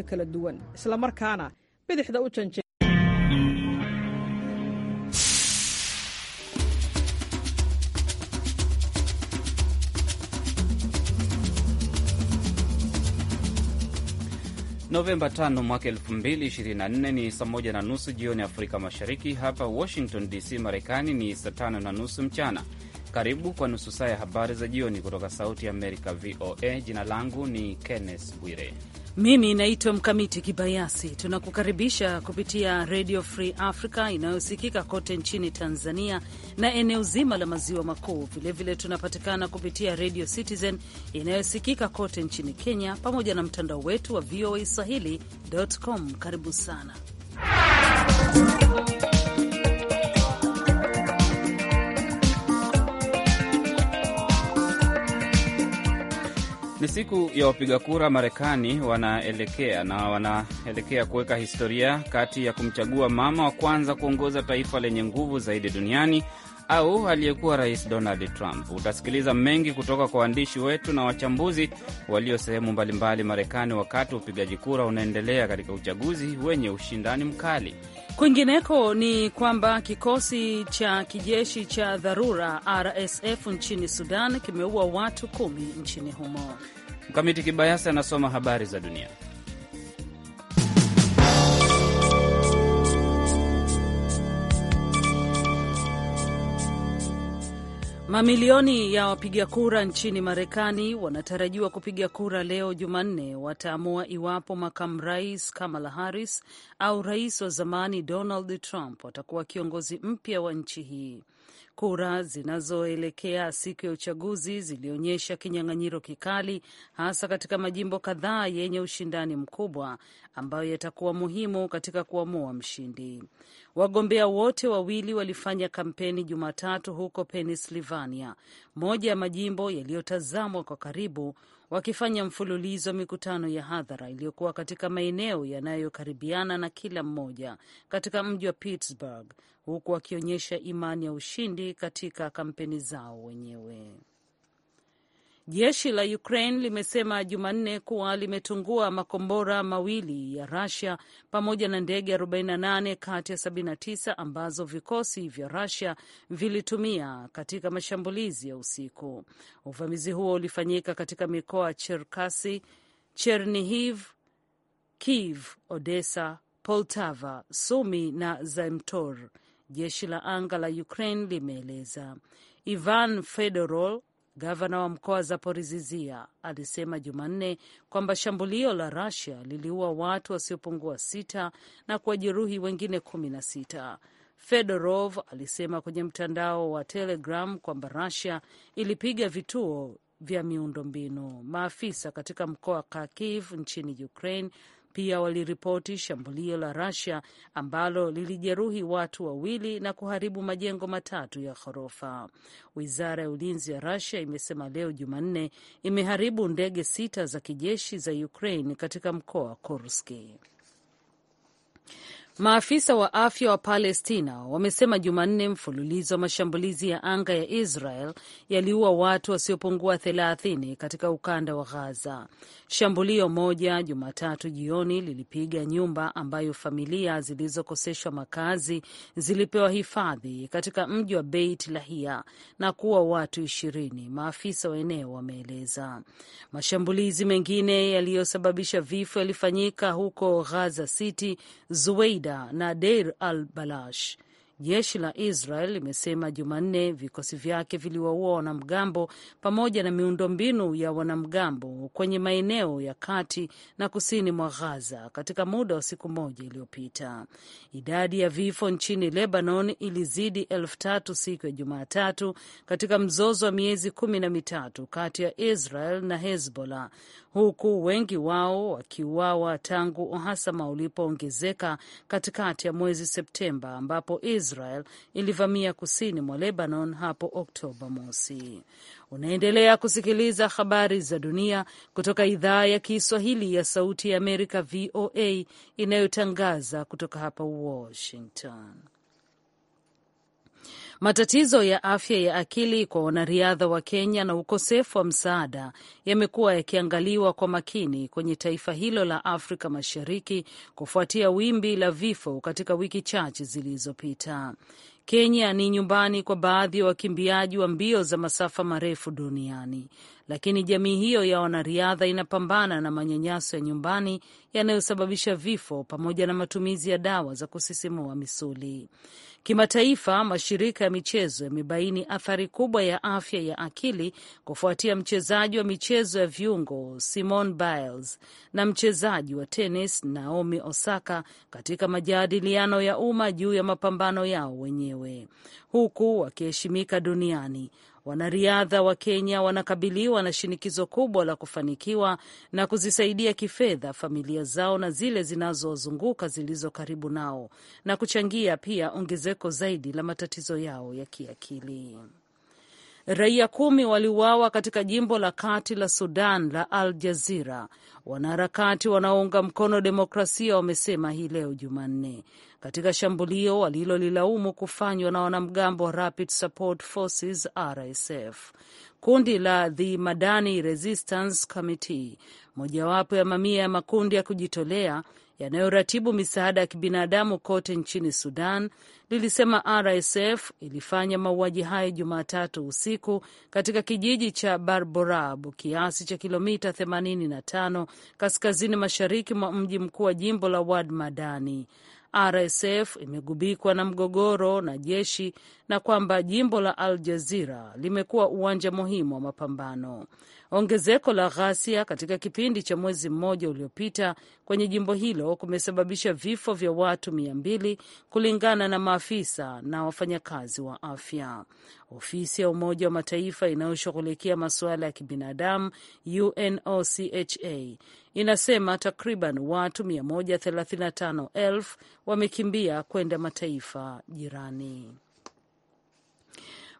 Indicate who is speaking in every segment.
Speaker 1: kala duwan isla markaana bidixda u janje
Speaker 2: Novemba 5 mwaka 2024 ni saa moja na nusu jioni Afrika Mashariki. Hapa Washington DC, Marekani ni saa tano na nusu mchana. Karibu kwa nusu saa ya habari za jioni kutoka Sauti ya Amerika, VOA. Jina langu ni Kenneth Bwire
Speaker 1: mimi naitwa Mkamiti Kibayasi. Tunakukaribisha kupitia Radio Free Africa inayosikika kote nchini Tanzania na eneo zima la maziwa makuu. Vilevile tunapatikana kupitia Radio Citizen inayosikika kote nchini Kenya, pamoja na mtandao wetu wa VOA Swahili.com. Karibu sana
Speaker 2: Ni siku ya wapiga kura Marekani, wanaelekea na wanaelekea kuweka historia kati ya kumchagua mama wa kwanza kuongoza taifa lenye nguvu zaidi duniani au aliyekuwa rais Donald Trump. Utasikiliza mengi kutoka kwa waandishi wetu na wachambuzi walio sehemu mbalimbali Marekani, wakati upigaji kura unaendelea katika uchaguzi wenye ushindani mkali.
Speaker 1: Kwingineko ni kwamba kikosi cha kijeshi cha dharura RSF nchini Sudan kimeua watu kumi nchini humo.
Speaker 2: Mkamiti Kibayasi anasoma habari za dunia.
Speaker 1: Mamilioni ya wapiga kura nchini Marekani wanatarajiwa kupiga kura leo Jumanne, wataamua iwapo makamu rais Kamala Harris au rais wa zamani Donald Trump watakuwa kiongozi mpya wa nchi hii. Kura zinazoelekea siku ya uchaguzi zilionyesha kinyang'anyiro kikali, hasa katika majimbo kadhaa yenye ushindani mkubwa ambayo yatakuwa muhimu katika kuamua mshindi. Wagombea wote wawili walifanya kampeni Jumatatu huko Pennsylvania, moja ya majimbo yaliyotazamwa kwa karibu wakifanya mfululizo wa mikutano ya hadhara iliyokuwa katika maeneo yanayokaribiana na kila mmoja katika mji wa Pittsburgh, huku wakionyesha imani ya ushindi katika kampeni zao wenyewe. Jeshi la Ukraine limesema Jumanne kuwa limetungua makombora mawili ya Rusia pamoja na ndege 48 kati ya 79 ambazo vikosi vya Rusia vilitumia katika mashambulizi ya usiku. Uvamizi huo ulifanyika katika mikoa Cherkasi, Chernihiv, Kiev, Odessa, Poltava, Sumi na Zaimtor, jeshi la anga la Ukraine limeeleza. Ivan Fedorov Gavana wa mkoa wa Zaporizhzhia alisema Jumanne kwamba shambulio la rasia liliua watu wasiopungua sita na kuwajeruhi wengine kumi na sita. Fedorov alisema kwenye mtandao wa Telegram kwamba Russia ilipiga vituo vya miundombinu. Maafisa katika mkoa wa Kharkiv nchini Ukraine pia waliripoti shambulio la rasia ambalo lilijeruhi watu wawili na kuharibu majengo matatu ya ghorofa. Wizara ya ulinzi ya rasia imesema leo Jumanne imeharibu ndege sita za kijeshi za Ukraine katika mkoa wa Kursk. Maafisa wa afya wa Palestina wamesema Jumanne mfululizo wa mashambulizi ya anga ya Israel yaliua watu wasiopungua thelathini katika ukanda wa Gaza. Shambulio moja Jumatatu jioni lilipiga nyumba ambayo familia zilizokoseshwa makazi zilipewa hifadhi katika mji wa Beit Lahia na kuwa watu ishirini, maafisa wa eneo wameeleza. Mashambulizi mengine yaliyosababisha vifo yalifanyika huko Gaza City, Zuweida Al-Qaida na Deir al-Balash. Jeshi la Israel limesema Jumanne vikosi vyake viliwaua wanamgambo pamoja na miundombinu ya wanamgambo kwenye maeneo ya kati na kusini mwa ghaza katika muda wa siku moja iliyopita. Idadi ya vifo nchini Lebanon ilizidi elfu tatu siku ya Jumatatu katika mzozo wa miezi kumi na mitatu kati ya Israel na Hezbollah, huku wengi wao wakiuawa tangu uhasama ulipoongezeka katikati ya mwezi Septemba ambapo Israel Israel ilivamia kusini mwa Lebanon hapo Oktoba mosi. Unaendelea kusikiliza habari za dunia kutoka idhaa ya Kiswahili ya Sauti ya Amerika, VOA, inayotangaza kutoka hapa Washington. Matatizo ya afya ya akili kwa wanariadha wa Kenya na ukosefu wa msaada yamekuwa yakiangaliwa kwa makini kwenye taifa hilo la Afrika Mashariki kufuatia wimbi la vifo katika wiki chache zilizopita. Kenya ni nyumbani kwa baadhi ya wa wakimbiaji wa mbio za masafa marefu duniani, lakini jamii hiyo ya wanariadha inapambana na manyanyaso ya nyumbani yanayosababisha vifo pamoja na matumizi ya dawa za kusisimua misuli. Kimataifa, mashirika ya michezo yamebaini athari kubwa ya afya ya akili kufuatia mchezaji wa michezo ya viungo Simone Biles na mchezaji wa tenis Naomi Osaka katika majadiliano ya umma juu ya mapambano yao wenyewe, huku wakiheshimika duniani. Wanariadha wa Kenya wanakabiliwa na shinikizo kubwa la kufanikiwa na kuzisaidia kifedha familia zao na zile zinazowazunguka zilizo karibu nao na kuchangia pia ongezeko zaidi la matatizo yao ya kiakili. Raia kumi waliuawa katika jimbo la kati la Sudan la Al Jazira, wanaharakati wanaounga mkono demokrasia wamesema hii leo Jumanne, katika shambulio walilolilaumu kufanywa na wanamgambo wa Rapid Support Forces RSF. Kundi la The Madani Resistance Committee, mojawapo ya mamia ya makundi ya kujitolea yanayoratibu misaada ya kibinadamu kote nchini Sudan lilisema RSF ilifanya mauaji hayo Jumatatu usiku katika kijiji cha Barborab, kiasi cha kilomita 85 kaskazini mashariki mwa mji mkuu wa jimbo la Wad Madani. RSF imegubikwa na mgogoro na jeshi na kwamba jimbo la Al Jazira limekuwa uwanja muhimu wa mapambano. Ongezeko la ghasia katika kipindi cha mwezi mmoja uliopita kwenye jimbo hilo kumesababisha vifo vya watu mia mbili kulingana na maafisa na wafanyakazi wa afya. Ofisi ya Umoja wa Mataifa inayoshughulikia masuala ya kibinadamu UNOCHA inasema takriban watu 135,000 wamekimbia kwenda mataifa jirani.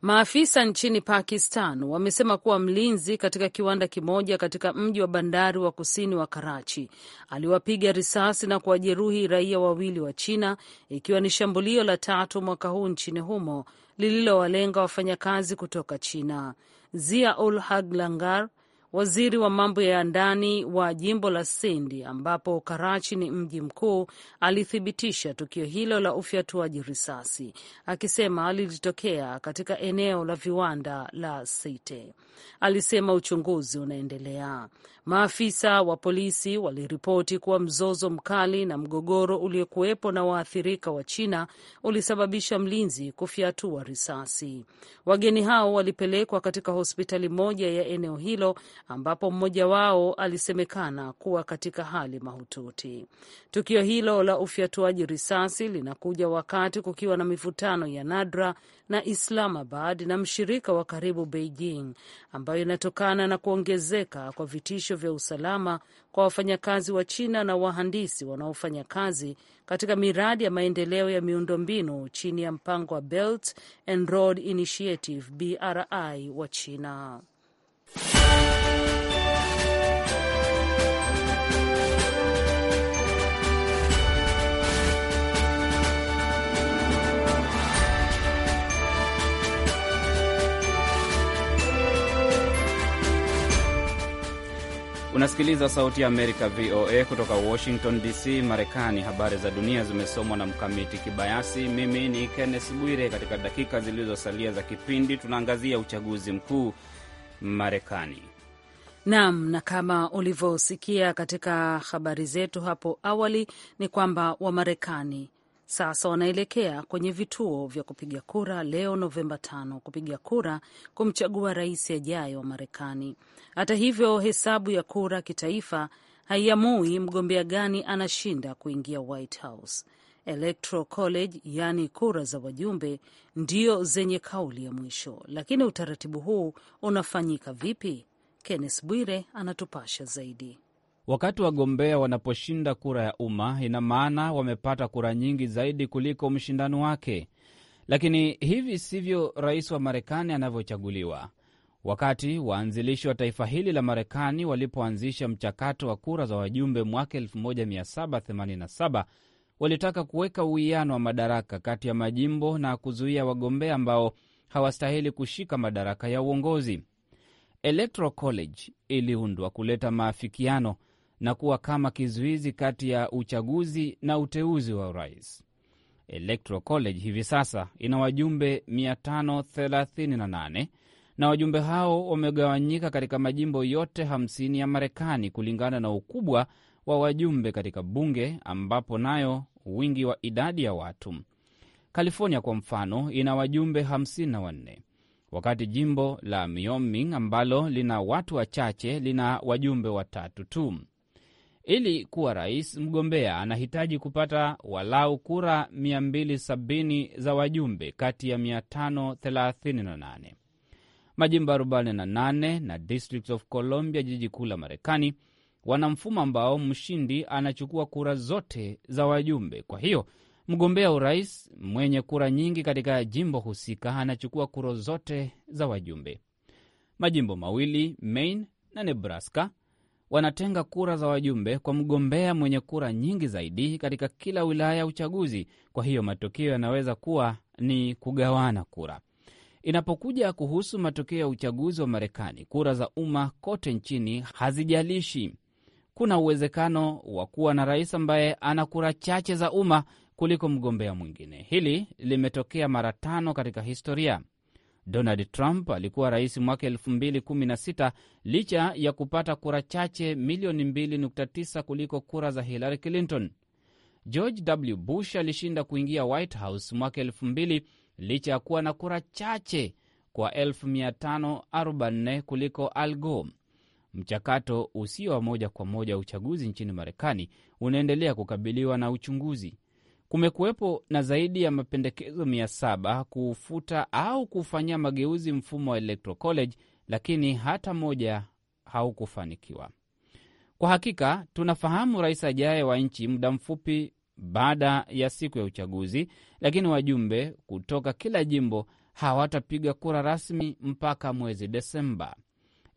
Speaker 1: Maafisa nchini Pakistan wamesema kuwa mlinzi katika kiwanda kimoja katika mji wa bandari wa kusini wa Karachi aliwapiga risasi na kuwajeruhi raia wawili wa China, ikiwa ni shambulio la tatu mwaka huu nchini humo lililowalenga wafanyakazi kutoka China. Zia ul haglangar Langar waziri wa mambo ya ndani wa jimbo la sindi ambapo Karachi ni mji mkuu, alithibitisha tukio hilo la ufyatuaji risasi akisema lilitokea katika eneo la viwanda la Site alisema uchunguzi unaendelea. Maafisa wa polisi waliripoti kuwa mzozo mkali na mgogoro uliokuwepo na waathirika wa China ulisababisha mlinzi kufyatua risasi. Wageni hao walipelekwa katika hospitali moja ya eneo hilo ambapo mmoja wao alisemekana kuwa katika hali mahututi. Tukio hilo la ufyatuaji risasi linakuja wakati kukiwa na mivutano ya nadra na Islamabad na mshirika wa karibu Beijing, ambayo inatokana na kuongezeka kwa vitisho vya usalama kwa wafanyakazi wa China na wahandisi wanaofanya kazi katika miradi ya maendeleo ya miundombinu chini ya mpango wa Belt and Road Initiative BRI wa China.
Speaker 2: Unasikiliza Sauti ya Amerika, VOA, kutoka Washington DC, Marekani. Habari za dunia zimesomwa na Mkamiti Kibayasi. Mimi ni Kenneth Bwire. Katika dakika zilizosalia za kipindi, tunaangazia uchaguzi mkuu Marekani.
Speaker 1: Naam, na kama ulivyosikia katika habari zetu hapo awali ni kwamba Wamarekani sasa wanaelekea kwenye vituo vya kupiga kura leo Novemba 5 kupiga kura kumchagua rais ajaye wa Marekani. Hata hivyo, hesabu ya kura kitaifa haiamui mgombea gani anashinda kuingia White House. Electoral College, yaani kura za wajumbe, ndio zenye kauli ya mwisho. Lakini utaratibu huu unafanyika vipi? Kenneth Bwire anatupasha zaidi.
Speaker 2: Wakati wagombea wanaposhinda kura ya umma, ina maana wamepata kura nyingi zaidi kuliko mshindani wake. Lakini hivi sivyo rais wa Marekani anavyochaguliwa. Wakati waanzilishi wa taifa hili la Marekani walipoanzisha mchakato wa kura za wajumbe mwaka 1787 walitaka kuweka uwiano wa madaraka kati ya majimbo na kuzuia wagombea ambao hawastahili kushika madaraka ya uongozi. Electoral College iliundwa kuleta maafikiano na kuwa kama kizuizi kati ya uchaguzi na uteuzi wa urais. Electoral College hivi sasa ina wajumbe 538 na wajumbe hao wamegawanyika katika majimbo yote 50 ya Marekani kulingana na ukubwa wa wajumbe katika bunge, ambapo nayo wingi wa idadi ya watu. California kwa mfano ina wajumbe 54 wakati jimbo la Wyoming ambalo lina watu wachache lina wajumbe watatu tu. Ili kuwa rais, mgombea anahitaji kupata walau kura 270 za wajumbe kati ya 538. Majimbo 48 na District of Columbia, jiji kuu la Marekani, wana mfumo ambao mshindi anachukua kura zote za wajumbe. Kwa hiyo mgombea urais mwenye kura nyingi katika jimbo husika anachukua kura zote za wajumbe. Majimbo mawili Maine na Nebraska wanatenga kura za wajumbe kwa mgombea mwenye kura nyingi zaidi katika kila wilaya ya uchaguzi. Kwa hiyo matokeo yanaweza kuwa ni kugawana kura. Inapokuja kuhusu matokeo ya uchaguzi wa Marekani, kura za umma kote nchini hazijalishi. Kuna uwezekano wa kuwa na rais ambaye ana kura chache za umma kuliko mgombea mwingine. Hili limetokea mara tano katika historia. Donald Trump alikuwa rais mwaka 2016 licha ya kupata kura chache milioni 2.9 kuliko kura za Hillary Clinton. George W. Bush alishinda kuingia White House mwaka 2000 licha ya kuwa na kura chache kwa 544 kuliko Al Gore. Mchakato usio wa moja kwa moja wa uchaguzi nchini Marekani unaendelea kukabiliwa na uchunguzi. Kumekuwepo na zaidi ya mapendekezo mia saba kuufuta au kufanyia mageuzi mfumo wa Electoral College, lakini hata moja haukufanikiwa. Kwa hakika tunafahamu rais ajaye wa nchi muda mfupi baada ya siku ya uchaguzi, lakini wajumbe kutoka kila jimbo hawatapiga kura rasmi mpaka mwezi Desemba.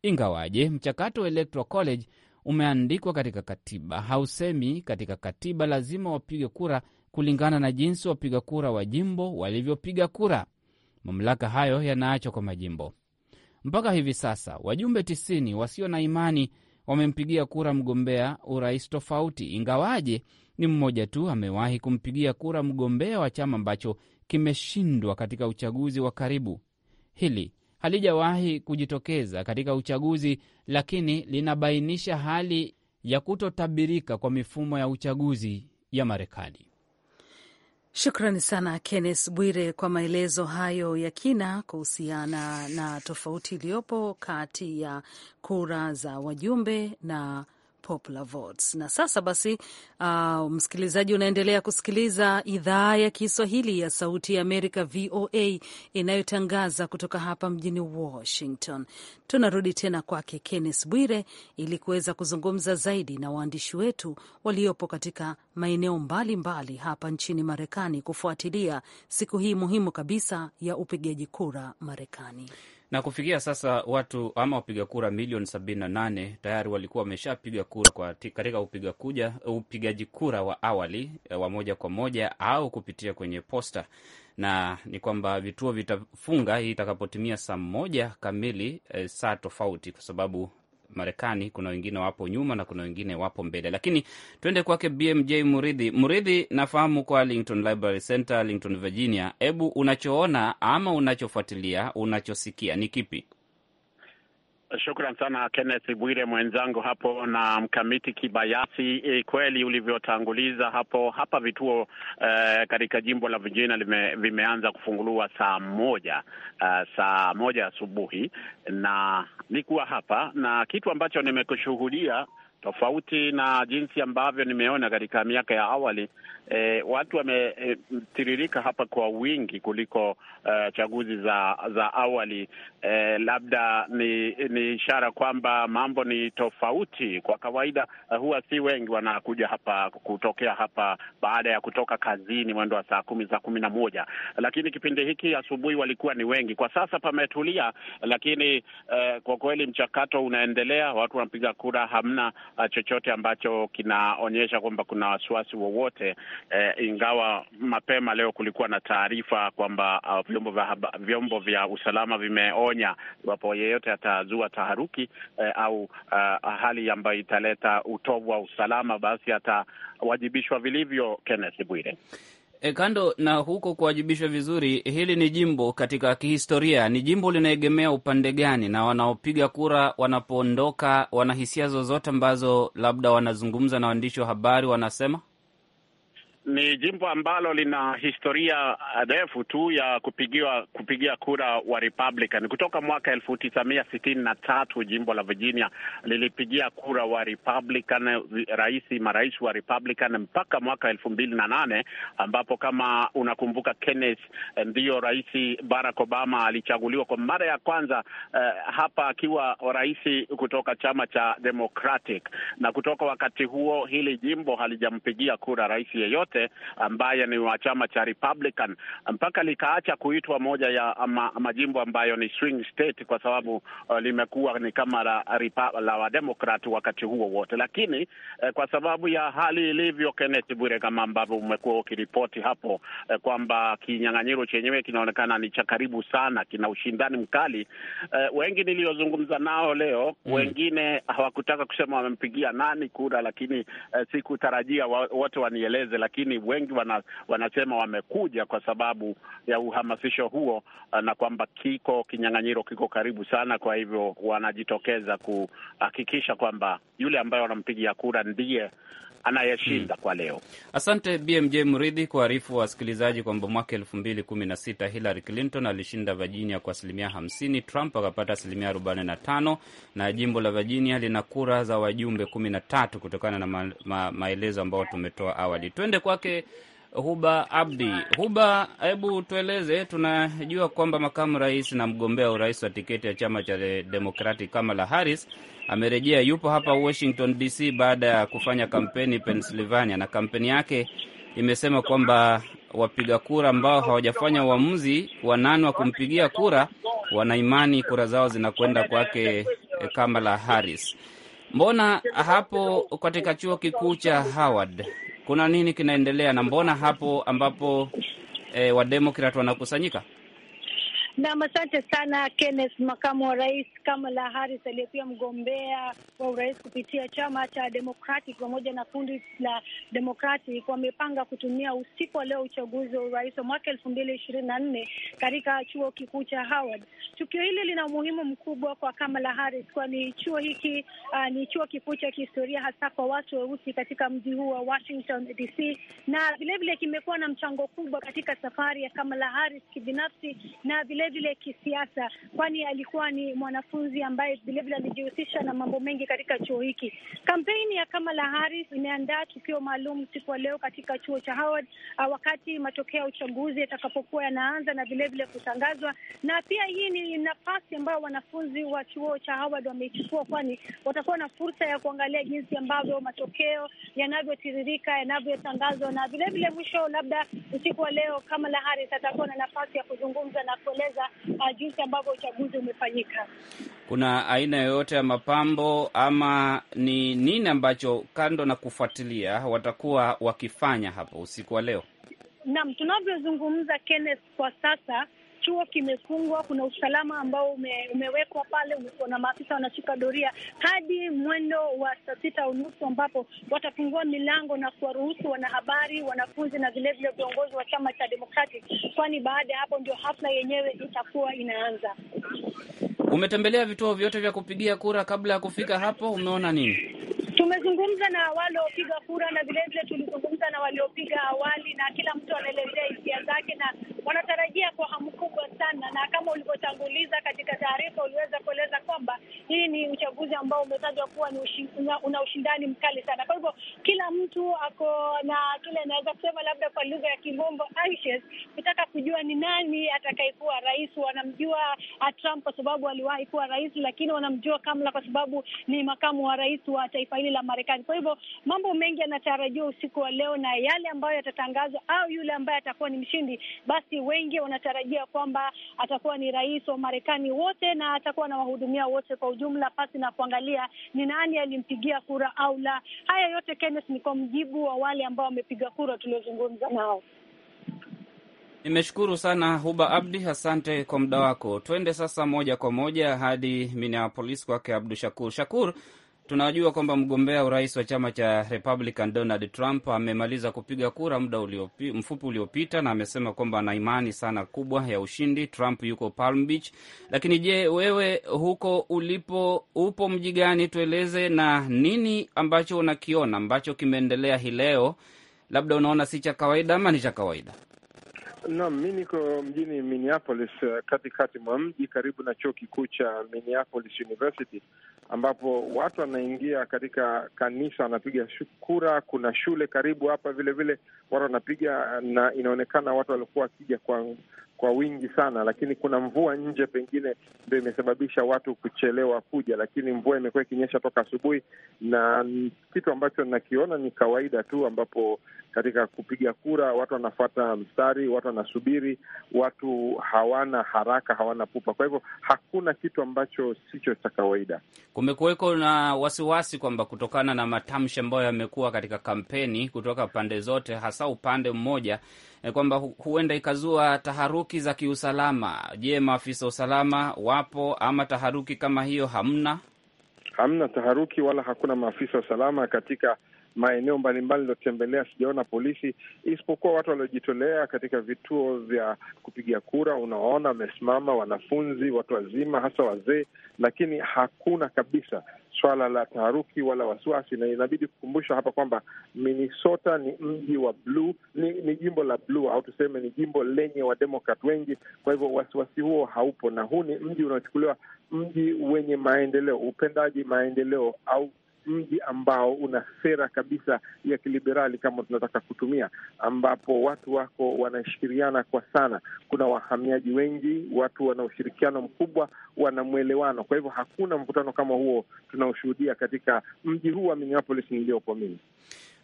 Speaker 2: Ingawaje mchakato wa Electoral College umeandikwa katika katiba, hausemi katika katiba lazima wapige kura kulingana na jinsi wapiga kura wa jimbo walivyopiga kura. Mamlaka hayo yanaachwa kwa majimbo. Mpaka hivi sasa wajumbe 90 wasio na imani wamempigia kura mgombea urais tofauti, ingawaje ni mmoja tu amewahi kumpigia kura mgombea wa chama ambacho kimeshindwa katika uchaguzi wa karibu. Hili halijawahi kujitokeza katika uchaguzi, lakini linabainisha hali ya kutotabirika kwa mifumo ya uchaguzi ya Marekani.
Speaker 1: Shukrani sana Kennes Bwire kwa maelezo hayo ya kina kuhusiana na tofauti iliyopo kati ya kura za wajumbe na Popular Votes. Na sasa basi, uh, msikilizaji unaendelea kusikiliza idhaa ya Kiswahili ya Sauti ya Amerika VOA inayotangaza kutoka hapa mjini Washington. Tunarudi tena kwake Kenneth Bwire ili kuweza kuzungumza zaidi na waandishi wetu waliopo katika maeneo mbalimbali hapa nchini Marekani kufuatilia siku hii muhimu kabisa ya upigaji kura Marekani
Speaker 2: na kufikia sasa watu ama wapiga kura milioni sabini na nane tayari walikuwa wameshapiga kura katika upigaji kura wa awali eh, wa moja kwa moja au kupitia kwenye posta, na ni kwamba vituo vitafunga hii itakapotimia saa moja kamili, e, saa tofauti, kwa sababu Marekani, kuna wengine wapo nyuma na kuna wengine wapo mbele, lakini tuende kwake BMJ Muridhi. Muridhi, nafahamu kwa Linton Library Center, Linton Virginia. Hebu unachoona ama unachofuatilia unachosikia ni kipi?
Speaker 3: Shukran sana Kenneth Bwire mwenzangu hapo na mkamiti Kibayasi. E, kweli ulivyotanguliza hapo hapa vituo e, katika jimbo la Virginia lime, vimeanza kufunguliwa saa moja e, saa moja asubuhi na nikuwa hapa na kitu ambacho nimekushuhudia tofauti na jinsi ambavyo nimeona katika miaka ya awali. E, watu wametiririka eh, hapa kwa wingi kuliko uh, chaguzi za za awali. E, labda ni ni ishara kwamba mambo ni tofauti. Kwa kawaida uh, huwa si wengi wanakuja hapa kutokea hapa baada ya kutoka kazini mwendo wa saa kumi saa kumi na moja, lakini kipindi hiki asubuhi walikuwa ni wengi. Kwa sasa pametulia, lakini uh, kwa kweli mchakato unaendelea, watu wanapiga kura, hamna uh, chochote ambacho kinaonyesha kwamba kuna wasiwasi wowote eh, ingawa mapema leo kulikuwa na taarifa kwamba uh, vyombo vya vyombo vya usalama vimeonya iwapo yeyote atazua taharuki eh, au uh, hali ambayo italeta utovu wa usalama, basi atawajibishwa vilivyo. Kenneth Bwire.
Speaker 2: E, kando na huko kuwajibishwa vizuri, hili ni jimbo katika kihistoria, ni jimbo linaegemea upande gani? Na wanaopiga kura wanapoondoka, wana hisia zozote ambazo labda wanazungumza na waandishi wa habari wanasema
Speaker 3: ni jimbo ambalo lina historia refu tu ya kupigiwa kupigia kura wa Republican kutoka mwaka elfu tisa mia sitini na tatu. Jimbo la Virginia lilipigia kura wa Republican, rais marais wa Republican mpaka mwaka elfu mbili na nane ambapo kama unakumbuka Kenneth, ndiyo rais Barack Obama alichaguliwa kwa mara ya kwanza eh, hapa akiwa rais kutoka chama cha Democratic, na kutoka wakati huo hili jimbo halijampigia kura rais yeyote Mate ambaye ni wa chama cha Republican mpaka likaacha kuitwa moja ya ama, majimbo ambayo ni swing state kwa sababu uh, limekuwa ni kama la, la wademokrat wakati huo wote, lakini eh, kwa sababu ya hali ilivyo, Kenneth Bwire, kama ambavyo umekuwa ukiripoti hapo eh, kwamba kinyang'anyiro chenyewe kinaonekana ni cha karibu sana, kina ushindani mkali eh, wengi niliozungumza nao leo mm. wengine hawakutaka kusema wamempigia nani kura, lakini eh, sikutarajia wote wanieleze, lakini lakini wengi wana, wanasema wamekuja kwa sababu ya uhamasisho huo eh, na kwamba kiko kinyang'anyiro kiko karibu sana, kwa hivyo wanajitokeza kuhakikisha kwamba yule ambaye wanampigia kura ndiye anayeshinda hmm. kwa leo.
Speaker 2: Asante BMJ Mridhi kuarifu wasikilizaji kwamba mwaka elfu mbili kumi na sita Hillary Clinton alishinda Virginia kwa asilimia hamsini, Trump akapata asilimia arobaini na tano na jimbo la Virginia lina kura za wajumbe kumi na tatu kutokana na ma ma maelezo ambayo tumetoa awali. Twende kwake Huba Abdi. Huba, hebu tueleze, tunajua kwamba makamu rais na mgombea urais wa tiketi ya chama cha Demokrati Kamala Harris amerejea, yupo hapa Washington DC baada ya kufanya kampeni Pennsylvania, na kampeni yake imesema kwamba wapiga kura ambao hawajafanya uamuzi wa nani wa kumpigia kura wanaimani kura zao zinakwenda kwake eh, Kamala Harris. Mbona hapo katika chuo kikuu cha Howard kuna nini kinaendelea na mbona hapo ambapo eh, wademokrat wanakusanyika
Speaker 4: Nam, asante sana Kenneth. Makamu wa rais Kamala Harris aliyekuwa mgombea wa urais kupitia chama cha Democratic pamoja na kundi la Democratic wamepanga kutumia usiku wa leo uchaguzi wa urais wa mwaka elfu mbili ishirini na nne katika chuo kikuu cha Howard. Tukio hili lina umuhimu mkubwa kwa Kamala Harris kwani chuo hiki uh, ni chuo kikuu cha kihistoria hasa kwa watu weusi katika mji huu wa Washington DC, na vilevile kimekuwa na mchango kubwa katika safari ya Kamala Harris kibinafsi na vile vilevile kisiasa, kwani alikuwa ni mwanafunzi ambaye vilevile alijihusisha na mambo mengi katika chuo hiki. Kampeni ya Kamala Harris imeandaa tukio maalum siku ya leo katika chuo cha Howard ah, wakati matokeo ya uchaguzi yatakapokuwa yanaanza na vilevile kutangazwa, na pia hii ni nafasi ambayo wanafunzi wa chuo cha Howard wameichukua, kwani watakuwa na fursa ya kuangalia jinsi ambavyo matokeo yanavyotiririka, yanavyotangazwa na vilevile mwisho, labda usiku wa leo Kamala Harris atakuwa na nafasi ya kuzungumza na kueleza kueleza ah, jinsi ambavyo uchaguzi umefanyika.
Speaker 2: Kuna aina yoyote ya mapambo ama ni nini ambacho kando na kufuatilia watakuwa wakifanya hapo usiku wa leo?
Speaker 4: Naam, tunavyozungumza Kenneth, kwa sasa chuo kimefungwa, kuna usalama ambao ume, umewekwa pale, na maafisa wanashika doria hadi mwendo wa saa sita unusu ambapo watafungua milango na kuwaruhusu wanahabari, wanafunzi na vilevile viongozi wa chama cha Demokrati, kwani baada ya hapo ndio hafla yenyewe itakuwa inaanza.
Speaker 2: Umetembelea vituo vyote vya kupigia kura kabla ya kufika hapo, umeona nini?
Speaker 4: Tumezungumza na waliopiga kura na vilevile tulizungumza na waliopiga awali, na kila mtu anaelezea hisia zake na wanatarajia kwa hamu kubwa kubwa sana, na kama ulivyotanguliza katika taarifa, uliweza kueleza kwamba hii ni uchaguzi ambao umetajwa kuwa ni ushi, una, una ushindani mkali sana. Kwa hivyo kila mtu ako na kile anaweza kusema labda kwa lugha ya Kimombo anxious kutaka kujua ni nani atakayekuwa rais. Wanamjua ah, Trump kwa sababu aliwahi kuwa rais, lakini wanamjua Kamala kwa sababu ni makamu wa rais wa taifa hili la Marekani. Kwa hivyo mambo mengi yanatarajiwa usiku wa leo, na yale ambayo yatatangazwa au yule ambaye atakuwa ni mshindi, basi wengi wanatarajia kwa kwamba atakuwa ni rais wa Marekani wote na atakuwa na wahudumia wote kwa ujumla, pasi na kuangalia ni nani alimpigia kura au la. Haya yote Kenneth, ni kwa mjibu wa wale ambao wamepiga kura tuliozungumza nao.
Speaker 2: Nimeshukuru sana Huba Abdi, asante kwa muda wako. Twende sasa moja kwa moja hadi Minneapolis kwake Abdu Shakur. Shakur, tunajua kwamba mgombea urais wa chama cha Republican Donald Trump amemaliza kupiga kura muda uliopi, mfupi uliopita na amesema kwamba ana imani sana kubwa ya ushindi. Trump yuko Palm Beach, lakini je, wewe huko ulipo upo mji gani? Tueleze na nini ambacho unakiona ambacho kimeendelea hii leo, labda unaona si cha kawaida ama ni cha kawaida?
Speaker 5: Naam, mi niko mjini Minneapolis, eh, katikati mwa mji, karibu na chuo kikuu cha Minneapolis University, ambapo watu wanaingia katika kanisa, wanapiga kura. Kuna shule karibu hapa vilevile, watu wanapiga, na inaonekana watu walikuwa wakija kwa kwa wingi sana, lakini kuna mvua nje, pengine ndio imesababisha watu kuchelewa kuja, lakini mvua imekuwa ikinyesha toka asubuhi, na kitu ambacho nakiona ni kawaida tu, ambapo katika kupiga kura watu wanafuata mstari, watu wanasubiri, watu hawana haraka, hawana pupa. Kwa hivyo hakuna kitu ambacho sicho cha kawaida.
Speaker 2: Kumekuweko na wasiwasi kwamba kutokana na matamshi ambayo yamekuwa katika kampeni kutoka pande zote, hasa upande mmoja Eh, kwamba huenda ikazua taharuki za kiusalama. Je, maafisa usalama wapo ama taharuki kama hiyo hamna?
Speaker 5: Hamna taharuki wala hakuna maafisa usalama katika maeneo mbalimbali iliotembelea, sijaona polisi isipokuwa watu waliojitolea katika vituo vya kupiga kura. unaona wamesimama, wanafunzi, watu wazima, hasa wazee, lakini hakuna kabisa swala la taharuki wala wasiwasi. Na inabidi kukumbushwa hapa kwamba Minnesota ni mji wa bluu, ni, ni jimbo la bluu au tuseme ni jimbo lenye wademokrat wengi. Kwa hivyo wasiwasi huo haupo, na huu ni mji unaochukuliwa mji wenye maendeleo, upendaji maendeleo au mji ambao una sera kabisa ya kiliberali kama tunataka kutumia, ambapo watu wako wanashikiriana kwa sana. Kuna wahamiaji wengi, watu wana ushirikiano mkubwa, wana mwelewano. Kwa hivyo hakuna mkutano kama huo tunaoshuhudia katika mji huu wa Minneapolis niliyopo mimi.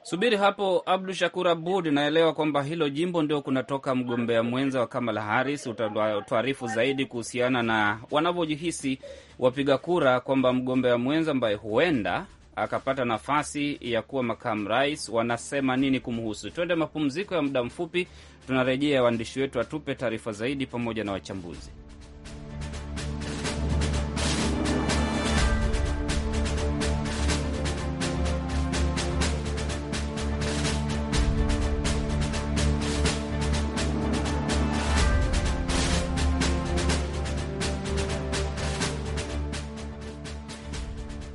Speaker 2: Subiri hapo, Abdu Shakur Abud. Naelewa kwamba hilo jimbo ndio kunatoka mgombea mwenza wa Kamala Harris. Utatuarifu zaidi kuhusiana na wanavyojihisi wapiga kura kwamba mgombea mwenza ambaye huenda akapata nafasi ya kuwa makamu rais. Wanasema nini kumhusu? Twende mapumziko ya muda mfupi, tunarejea. Waandishi wetu atupe taarifa zaidi pamoja na wachambuzi.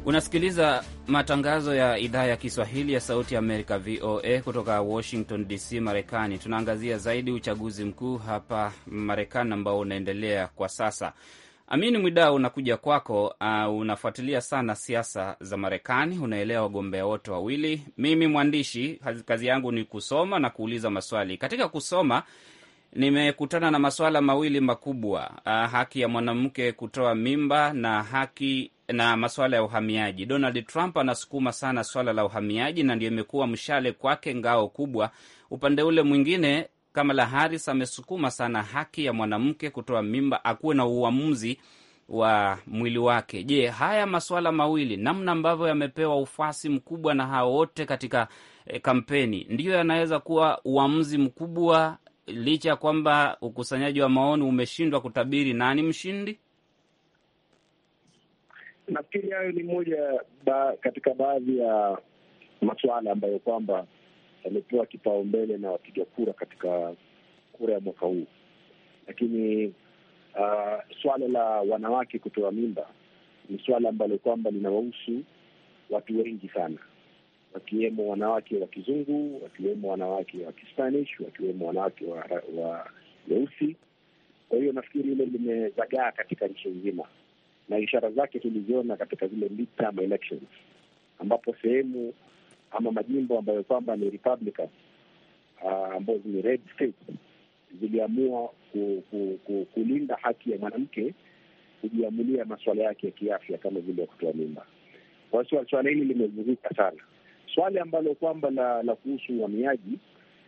Speaker 2: Unasikiliza matangazo ya idhaa ya Kiswahili ya Sauti ya Amerika, VOA, kutoka Washington DC, Marekani. Tunaangazia zaidi uchaguzi mkuu hapa Marekani ambao unaendelea kwa sasa. Amini Mwidau, unakuja kwako. Uh, unafuatilia sana siasa za Marekani, unaelewa wagombea wote wawili. Mimi mwandishi, kazi yangu ni kusoma na kuuliza maswali. Katika kusoma nimekutana na masuala mawili makubwa, ah, haki ya mwanamke kutoa mimba na haki na masuala ya uhamiaji. Donald Trump anasukuma sana swala la uhamiaji, na ndio imekuwa mshale kwake, ngao kubwa. Upande ule mwingine, Kamala Harris amesukuma sana haki ya mwanamke kutoa mimba, akuwe na uamuzi wa mwili wake. Je, haya masuala mawili namna ambavyo yamepewa ufuasi mkubwa na hao wote katika eh, kampeni, ndiyo yanaweza kuwa uamuzi mkubwa licha ya kwamba ukusanyaji wa maoni umeshindwa kutabiri nani mshindi?
Speaker 6: Nafikiri hayo ni moja ba, katika baadhi ya masuala ambayo kwamba yamepewa kipaumbele na wapiga kura katika kura ya mwaka huu, lakini uh, swala la wanawake kutoa mimba ni swala ambalo kwamba linawahusu watu wengi sana wakiwemo wanawake wa kizungu, wakiwemo wanawake wa kispanish, wakiwemo wanawake wa weusi. Kwa hiyo nafikiri hilo limezagaa katika nchi nzima, na ishara zake tuliziona katika zile midterm elections, ambapo sehemu ama majimbo ambayo kwamba ni Republican ah, ambazo ni red ziliamua ku, ku, ku, kulinda haki ya mwanamke kujiamulia masuala yake ya kiafya kama vile ya kutoa mimba. Kwa hiyo suala hili limezunguka sana, swali ambalo kwamba la, la kuhusu uhamiaji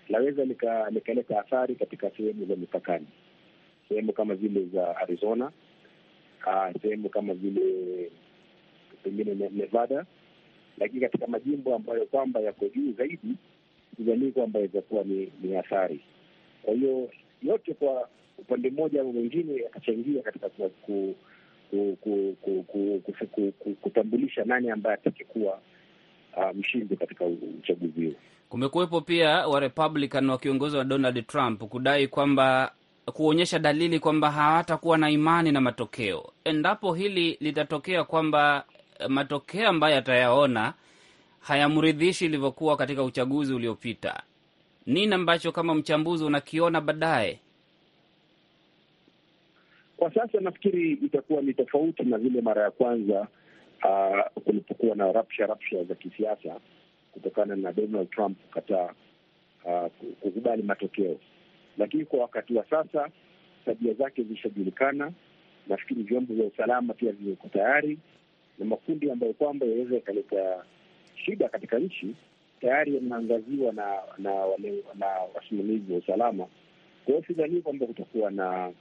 Speaker 6: laweza likaleta lika athari katika sehemu za mipakani, sehemu kama zile za Arizona, ah, sehemu kama vile pengine Nevada, lakini katika majimbo ambayo kwamba yako juu zaidi sidhanii kwamba itakuwa ni, ni athari. Kwa hiyo yote kwa upande mmoja au mwingine yakachangia katika ku, ku, ku, ku, ku, ku, ku, ku, kutambulisha nani ambaye atakekuwa uh, mshindi katika uchaguzi huo.
Speaker 2: Kumekuwepo pia wa Republican wakiongozwa na Donald Trump kudai kwamba kuonyesha dalili kwamba hawatakuwa na imani na matokeo endapo hili litatokea, kwamba eh, matokeo ambayo atayaona hayamridhishi ilivyokuwa katika uchaguzi uliopita. Nini ambacho kama mchambuzi unakiona baadaye?
Speaker 6: Kwa sasa nafikiri itakuwa ni tofauti na vile mara ya kwanza uh, kulipokuwa na rapsha rapsha za kisiasa kutokana na Donald Trump kukataa uh, kukubali matokeo, lakini kwa wakati wa sasa tabia zake zishajulikana. Nafikiri vyombo vya usalama pia viko tayari na makundi ambayo kwamba yaweza yakaleta shida katika nchi tayari yanaangaziwa na na wale na wasimamizi wa usalama. Kwa hiyo sidhani kwamba kutakuwa na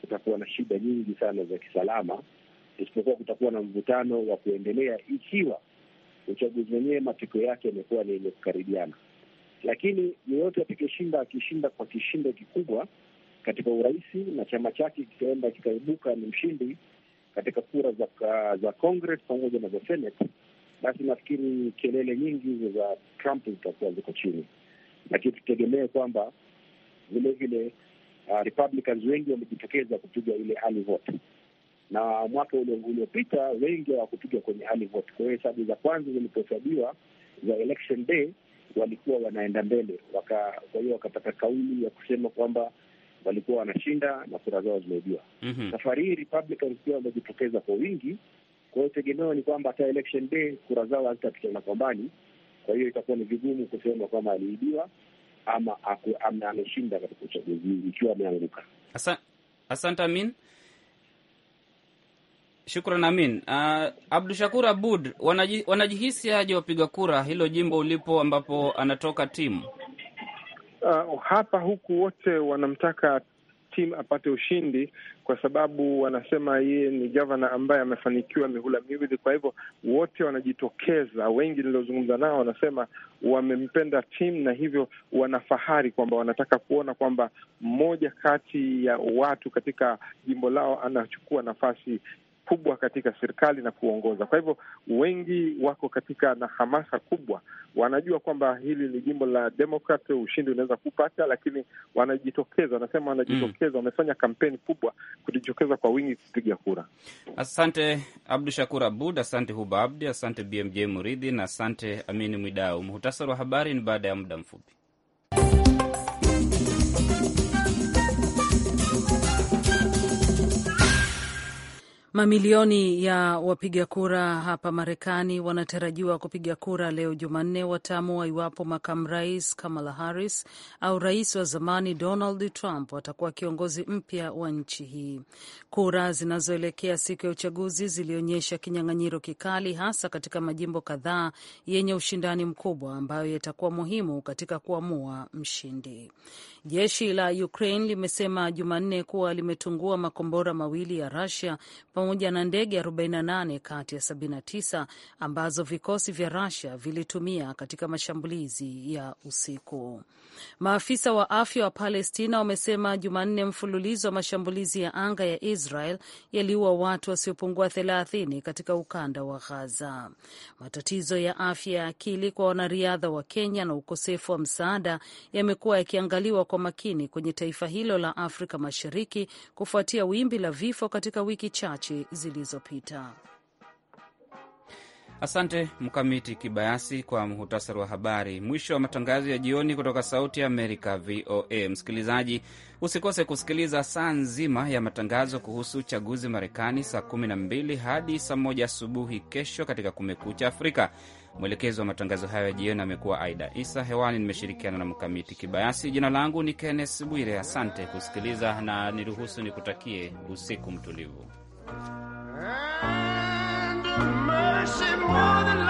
Speaker 6: kutakuwa na shida nyingi sana za kisalama isipokuwa kutakuwa na mvutano wa kuendelea ikiwa uchaguzi wenyewe matokeo yake yamekuwa ni yenye kukaribiana. Lakini yeyote atakayeshinda, akishinda kwa kishindo kikubwa katika urais na chama chake kikaenda kikaibuka ni mshindi katika kura za za Congress pamoja na za Senate, basi nafikiri kelele nyingi hizo za Trump zitakuwa ziko chini, lakini tutegemee kwamba vilevile uh, ah, Republicans wengi wamejitokeza kupiga ile early vote na mwaka uliopita wengi hawakupiga kwenye hali vote. Kwa hiyo hesabu za kwanza zilipohesabiwa za election day walikuwa wanaenda mbele waka, kwa hiyo wakapata kauli ya kusema kwamba walikuwa wanashinda na kura zao zimeibiwa. mm -hmm. Safari hii Republicans pia wamejitokeza kwa wingi, kwa hiyo tegemeo ni kwamba hata election day kura zao hazitapitana mbali, Kwa hiyo itakuwa ni vigumu kusema kwamba aliibiwa ama ameshinda katika uchaguzi ikiwa ameanguka.
Speaker 2: Asante Amin. Shukran, Amin. Uh, ah, Abdu Shakur Abud, wanaji, wanajihisi aje wapiga kura hilo jimbo ulipo ambapo anatoka timu?
Speaker 5: Uh, hapa huku wote wanamtaka timu apate ushindi kwa sababu wanasema yeye ni gavana ambaye amefanikiwa mihula miwili. Kwa hivyo wote wanajitokeza, wengi niliozungumza nao wanasema wamempenda timu na hivyo wanafahari kwamba wanataka kuona kwamba mmoja kati ya watu katika jimbo lao anachukua nafasi kubwa katika serikali na kuongoza. Kwa hivyo wengi wako katika na hamasa kubwa, wanajua kwamba hili ni jimbo la Demokrat, ushindi unaweza kupata, lakini wanajitokeza, wanasema wanajitokeza, mm. wamefanya mm, kampeni kubwa kujitokeza kwa wingi kupiga kura.
Speaker 2: Asante Abdu Shakur Abud, asante Huba Abdi, asante BMJ Muridhi na asante Amini Mwidau. Muhtasari wa habari ni baada ya muda mfupi.
Speaker 1: Mamilioni ya wapiga kura hapa Marekani wanatarajiwa kupiga kura leo Jumanne wataamua iwapo makamu rais Kamala Harris au rais wa zamani Donald Trump watakuwa kiongozi mpya wa nchi hii. Kura zinazoelekea siku ya uchaguzi zilionyesha kinyang'anyiro kikali, hasa katika majimbo kadhaa yenye ushindani mkubwa ambayo yatakuwa muhimu katika kuamua mshindi. Jeshi la Ukraine limesema Jumanne kuwa limetungua makombora mawili ya Rusia pamoja na ndege 48 kati ya 79 ambazo vikosi vya Russia vilitumia katika mashambulizi ya usiku. Maafisa wa afya wa Palestina wamesema Jumanne mfululizo wa mashambulizi ya anga ya Israel yaliua watu wasiopungua 30 katika ukanda wa Gaza. Matatizo ya afya ya akili kwa wanariadha wa Kenya na ukosefu wa msaada yamekuwa yakiangaliwa kwa makini kwenye taifa hilo la Afrika Mashariki kufuatia wimbi la vifo katika wiki chache nchi zilizopita.
Speaker 2: Asante Mkamiti Kibayasi kwa mhutasari wa habari. Mwisho wa matangazo ya jioni kutoka Sauti ya Amerika, VOA. Msikilizaji, usikose kusikiliza saa nzima ya matangazo kuhusu uchaguzi Marekani saa 12 hadi saa 1 asubuhi kesho katika Kumekucha Afrika. Mwelekezi wa matangazo hayo ya jioni amekuwa Aida Isa. Hewani nimeshirikiana na Mkamiti Kibayasi. Jina langu ni kennes Bwire. Asante kusikiliza na niruhusu nikutakie usiku mtulivu.
Speaker 4: And mercy more than